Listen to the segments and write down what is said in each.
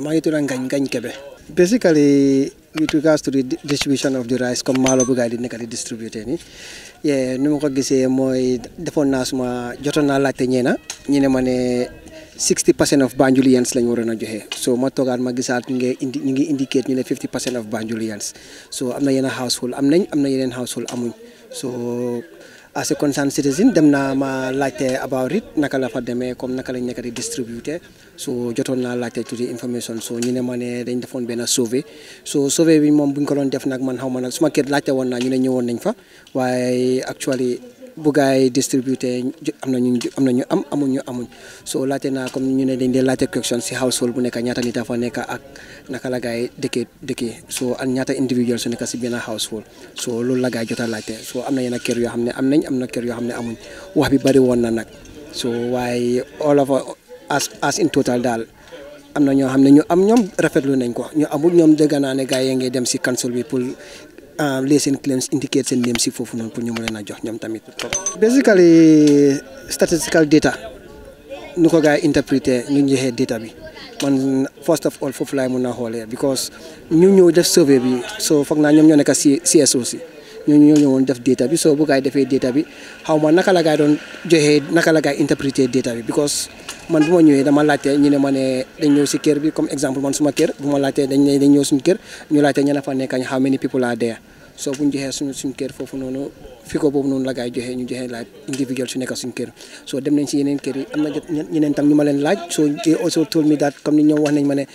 maa ngi tudd Ngañ Ngañ Kebe. basically with regards to the distribution of the rice comme maalo bu gaa yi di nekk di distributé nii ni ma ko gisee mooy defoon naa suma jotoon naa laajte ñeena ñu ne ma ne 60 percent of Banjulians lañ waroon a joxe so ma toogaat ma gisaat ñu ngi indi ñu ngi indicate ñu ne 50 percent of Banjulians so am na yenn household am nañ am na yeneen household amuñ so. as a concerned citizen dem naa ma laajte about it naka la fa demee comme naka lañ nekk di distributé so jotoon naa laajte tuuti information so ñu ne ma ne dañ defoon benn sauvé so sauvé bi moom buñ ko doon def nag man xaw ma nag suma kër laajte woon naa ñu ñëwoon nañ fa waaye actually bu gars yi am na ñu am na ñu am amuñ ñu amuñ soo laajte naa comme ñu ne dañ dee laajte question si household bu nekk ñaata nit a ak naka la gars yi dëkkee dëkkee ak ñaata individuel su nekk si benn household soo loolu la gars soo am na yenn kër yoo xam ne am am na kër yoo xam ne amuñ wax bi bari woon na nag soo waaye all of as daal am na ñoo xam ne ñu am ñoom rafetlu nañ ko ñu amul ñoom dégg naa ne gars yi ngi dem si council bi pour Euh, leseen clients indicate seen name si foofu noonu pour ñu mën leen a jox ñoom tamit. basically statistical data nu ko gars yi interpréter ñu joxee data bi man first of all foofu laay mën a xoolee because ñu ñëw def survey bi so foog naa ñoom ñoo nekk si CSO si. ñooñu ñoo ñëwoon def data bi soo bu gaay defee data bi xaw ma naka la gaay doon joxee naka la gaay interpréter bi because man bu ma ñëwee dama laaj ñu ne ma ne dañ ñëw si kër bi comme exemple man suma kër bu ma laajtee dañ ne dañ ñëw suñ kër ñu laajte ña na nekk how many people are there soo foofu noonu fi ko boobu noonu la gaay joxee ñu joxee laaj individuel su nekk suñu kër soo dem nañ si yeneen kër yi am ñu ma leen laaj soo also told me that comme ni ñoom wax nañ ma ne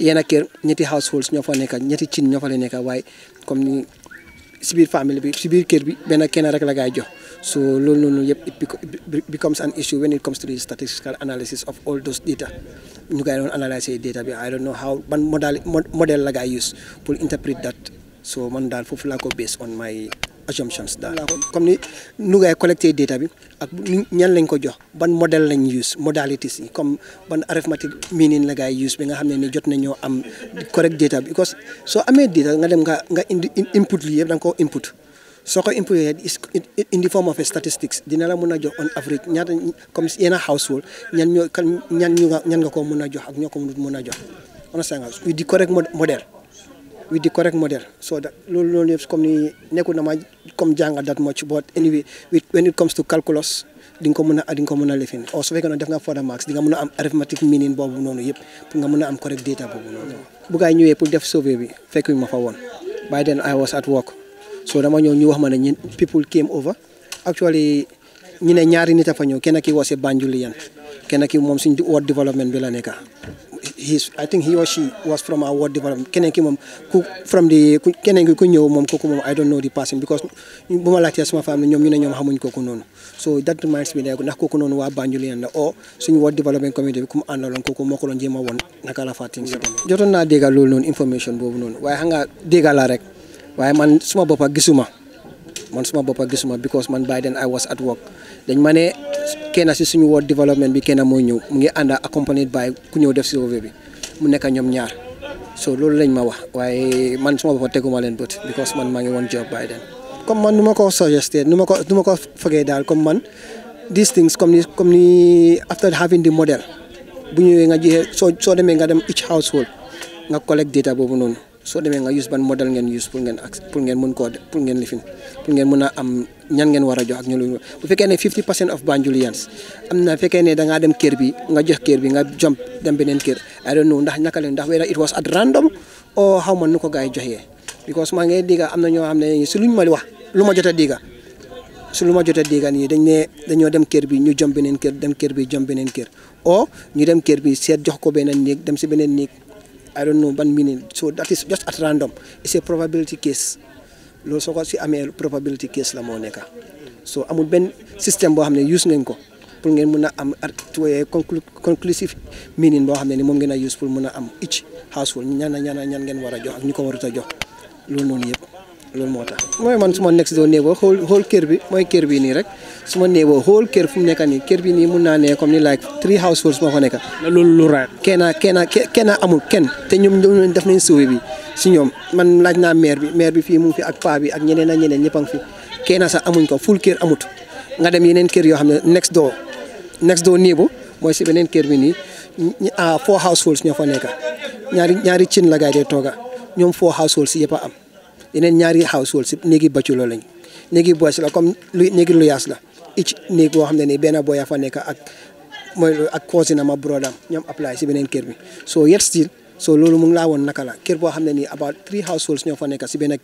yenn kër ñetti households ñoo fa nekk ñetti cin ñoo fa la nekk waaye comme ni bi kër bi kenn rek la gaay jox so loolu noonu yëpp it becomes an issue when it comes to the statistical analysis of all those data ñu gaay doon analyser data bi I don't know how ban model model la gaay use pour interpret that so man daal foofu laa ko based on my assumptions daal comme ni nu ngay collecté data bi ak ñan lañ ko jox ban modèle lañ use modalities yi comme ban arithmetic meaning la ngay use bi nga xam ne ni jot nañoo am correct data bi because soo amee data nga dem nga nga indi input li yëpp da nga koo input soo ko imputé in the form of statistics dina la mën a jox on average ñan nga ko mën a jox ak ñoo ko mën a jox on a di correct modèle with the correct model so that lolu non yep comme ni nekku na ma comme jangal much but anyway with, when it comes to calculus di ko mëna komuna ko mëna lifin or so fekkono def nga for the max di nga mëna am arithmetic meaning bobu nonu yep pour nga mëna am correct data bobu nonu bu gaay ñëwé pour def sauver bi fekkuy ma fa won by then i was at work so dama ñëw ñu wax ma ne people came over actually ñi ne ñaari nita fa ñew kenaki wosé banjulian ki mom suñ ward development bi la nekka he's I think he or she was from a ward development keneen ki moom keneen ki ku ñëw moom kooku moom I don't know the person because bu ma laajtee sama famille ñoom ñu ne ñoom xamuñ kooku noonu so that reminds me ndax kooku noonu waa Banjul yeen la o suñu ward development community bi ku mu àndaloon kooku moo ko doon jéem a woon naka la fàttin si jotoon naa dégg loolu noonu information boobu noonu waaye xam nga laa rek waaye man suma boppa kenn si suñu woo développement bi kenn mooy ñëw mu ngi ànd accompagné by ku ñëw def si OV bi mu nekk ñoom ñaar so loolu lañ ma wax waaye man suma bopp teguma leen bët because man maa ngi woon job by then comme man nu ma ko suggesté nu ma ko numa ko fogee daal comme man these things comme ni comme ni after having the model bu ñëwee nga joxe soo soo demee nga dem each household nga collect data boobu noonu so demee nga use ban model ngeen use pour ngeen pour ngeen mën ko pour ngeen lifin pour ngeen mëna am ñan ngeen wara jox ak ñu bu fekkee ne 50 of banjulians am na fekkee ne da ngaa dem kër bi nga jox kër bi nga jump dem beneen kër i don't know ndax naka leen ndax it was at random or how man nu ko gars because mang ngay diga am na ñoo xam ne si luñ ma wax lu ma jot su lu ma dañ ne dañoo dem kër bi ñu jom beneen kër dem kër bi jom beneen kër Or ñu dem kër bi seet jox ko beneen dem si beneen néeg I don't know one minute so that is just at random it's a probability case loolu soo ko si amee probability case la moo nekka so amul benn système boo xam ne use nañ ko pour ngeen mun a am conclusive meaning boo xam ne ni moom ngeen a use pour mun a am each household ñan ñan ñan ngeen war a jox ak ñu ko warut a jox loolu noonu yëpp. loolu moo tax mooy man su ma nekk si doon néegoo xool xool kër bi mooy kër bi nii rek suma ma néegoo xool kër fu mu nekk nii kër bi nii mun naa ne comme ni like three households moo fa nekk. loolu lu raad. kenn kenn kenn amul kenn te ñoom ñoom def nañ bi si ñoom man laaj naa maire bi maire bi fii mu fi ak paa bi ak ñeneen ak ñeneen ñëpp a ngi fi kenn sax amuñ ko ful kër nga dem yeneen kër yoo xam ne next door next door néegu mooy si beneen kër bi nii ah four households ñoo fa nekk ñaari ñaari cin la gaay dee tooga ñoom four households yëpp a am. yeneen ñaari households néegi bachelor lañ néegi boys la comme lu néegi la ic néeg boo xam ne nii benn boy a nekk ak mooy ak cousin am am ñoom apply si beneen kër bi so yet still so loolu mu laa woon naka la kër boo xam ne nii about three households ñoo fa nekk si benn a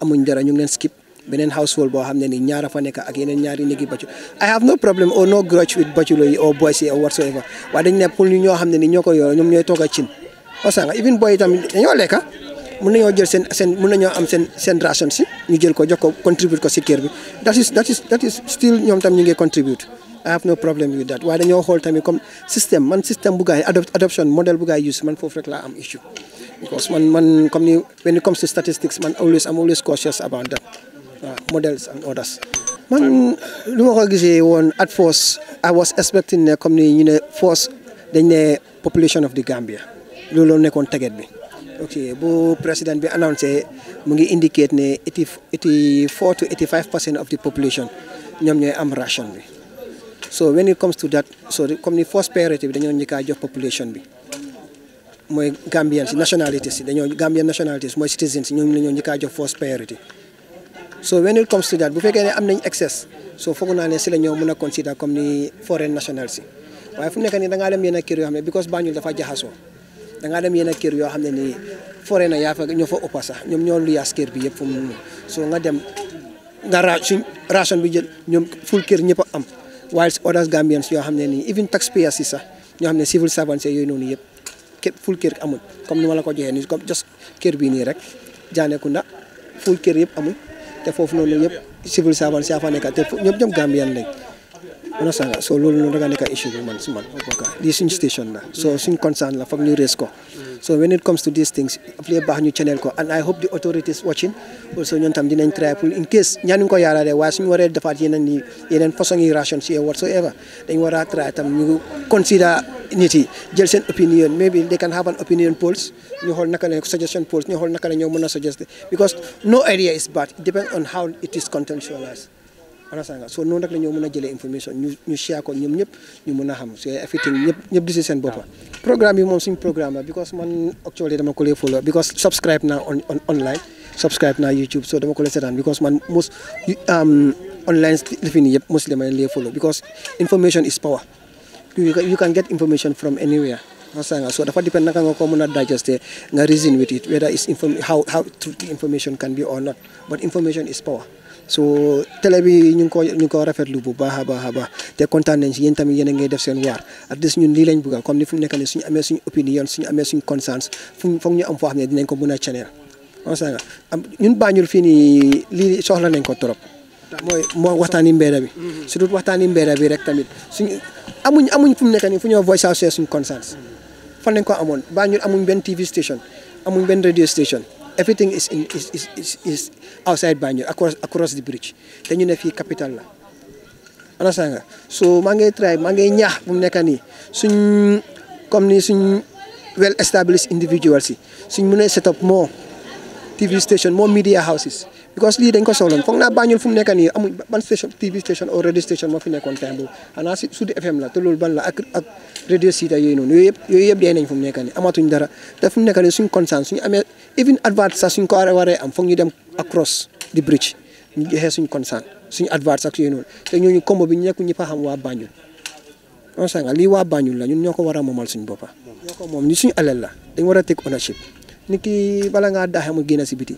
amuñ dara ñu ngi leen skip beneen household boo xam ne nii ñaara fa nekk ak yeneen ñaari néegi bachelor I have no problem or no grudge with bachelor yi or boys yi or whatsoever waaye dañ ne ñoo xam ne nii ñoo ko yor ñoom ñooy toog a cin o sanga even boy lekka mën nañoo jël seen seen mën nañoo am seen seen ration si ñu jël ko jox ko contribute ko si kër bi that is still ñoom tam ñu ngi contribute I have no problem with that waaye dañoo xool tamit comme système man système bu gaay adoption modèle bu gaay use man foofu rek laa am issue because man comme ni when it comes to statistics man always am always cautious about that models and others man lu ma ko gisee woon at first I was expecting ne comme ni ñu ne first dañ ne population of the Gambia loolu nekkoon teget bi ok bu président bi annoncé mu ngi indicate ne eighty eighty four to eighty five percent of the population ñoom ñooy am ration bi so when it comes to that so comme ni first priority bi dañoo njëkkaa jox population bi mooy Gambian si nationalities si dañoo Gambian nationalities mooy citizens si ñoom when it comes to that bu fekkee ne am nañ excess so foog naa ne si la ñoo mën a consider comme ni foreign national si waaye fu mu nii da ngaa dem yenn yoo xam ne because Banjul dafa jaxasoo dangaa ngaa dem yenn kër yoo xam ne nii foree na yaa fa ñoo fa ëppa ñoom ñoom ñoo luyaas kër bi yëpp fu soo nga dem nga suñ ration bi jël ñoom ful kër ñëpp a am while others Gambians yoo xam ne nii even taxpayers si sax ñoo xam ne civil servants yooyu noonu yëpp kër ful kër amul comme ni ma la ko joxee nii comme jos kër bii nii rek Jaanekunda ful kër yëpp amul te foofu noonu yëpp civil servants yaa fa nekk te ñoom ñoom Gambian lañ understand so loolu noonu dafa nekk issue bi man si man lii suñ station la so suñ concern la foog ñu raise ko when it comes to these things lii baax ñu channel ko and I hope the authorities watching also ñoom tam dinañ try pour in case ñaanuñ ko defaat yeneen façon yi ration si whatsoever dañ war try tam ñu consider nit jël seen opinion maybe they can have an opinion polls no idea is bad depends on how it is contextualized anasaan nga soo noonu rek la ñoo mën a jëlee information ñu share ko ñoom ñëpp ñu mën a xam su affecting ñëpp ñëpp di si seen boppa ah. programme bi moom suñ programme la because man actually dama ko lay follow because subscribe naa online subscribe naa YouTube so dama ko lay seetaan because man mos online li fi nii lay follow because information is power you can get information from anywhere so dafa depend naka ko mën a digester nga reason with it whether su télé bi ñu ngi ko ñu ngi rafetlu bu baax a baax a baax te kontaan nañ si yéen tamit yéen a ngay def seen waar at least ñun lii lañ bëgg comme ni fu mu nekk nii suñu amee suñu opinion suñu amee suñu conscience fu foog ñu am foo xam ne dinañ ko a channel on s' am ñun bàññul fii nii lii soxla nañ ko trop. mooy moo waxtaani mbedda bi mm-hmm. surtout waxtaani mbedda bi rek tamit suñu amuñ amuñ fu mu nekk nii fu ñoo voice out suñu conscience fan lañ ko amoon baa ñun amuñ benn TV station amuñ benn radio station everything is in is is is is outside Banjul across across the bridge te ñu ne fii capital la. understand nga so maa ngi try maa ngi ñaax bu mu nekk nii suñ comme ni suñ well established individuals si suñ mun a set up more TV station more media houses. because lii dañ ko soxloon foog naa Banjul fu mu nekk nii amul ban station TV station or radio station moo fi nekkoon temps boobu xanaa si Sud FM la te loolu ban la ak ak radio Sida yooyu noonu yooyu yëpp yooyu yëpp dee nañ fu mu nekk nii amatuñ dara te fu mu nekk nii suñ concern suñu amee. even advert sa suñ ko waré am foog ñu dem across the bridge ñu jé suñ concern suñ advert sax yooyu té te ñooñu combo bi ñekku ñi fa xam wa bañu on sanga li wa bañu la ñun ñoko wara momal suñ bopa ñoko mom ni suñ alal la dañ wara tek take ownership Niki bala nga daaxa mu génn ci biti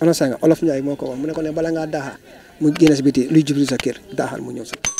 on sanga olof ñay moko wax mu ne ko ne bala nga mu ci biti luy jibril sa kër mu ñëw sa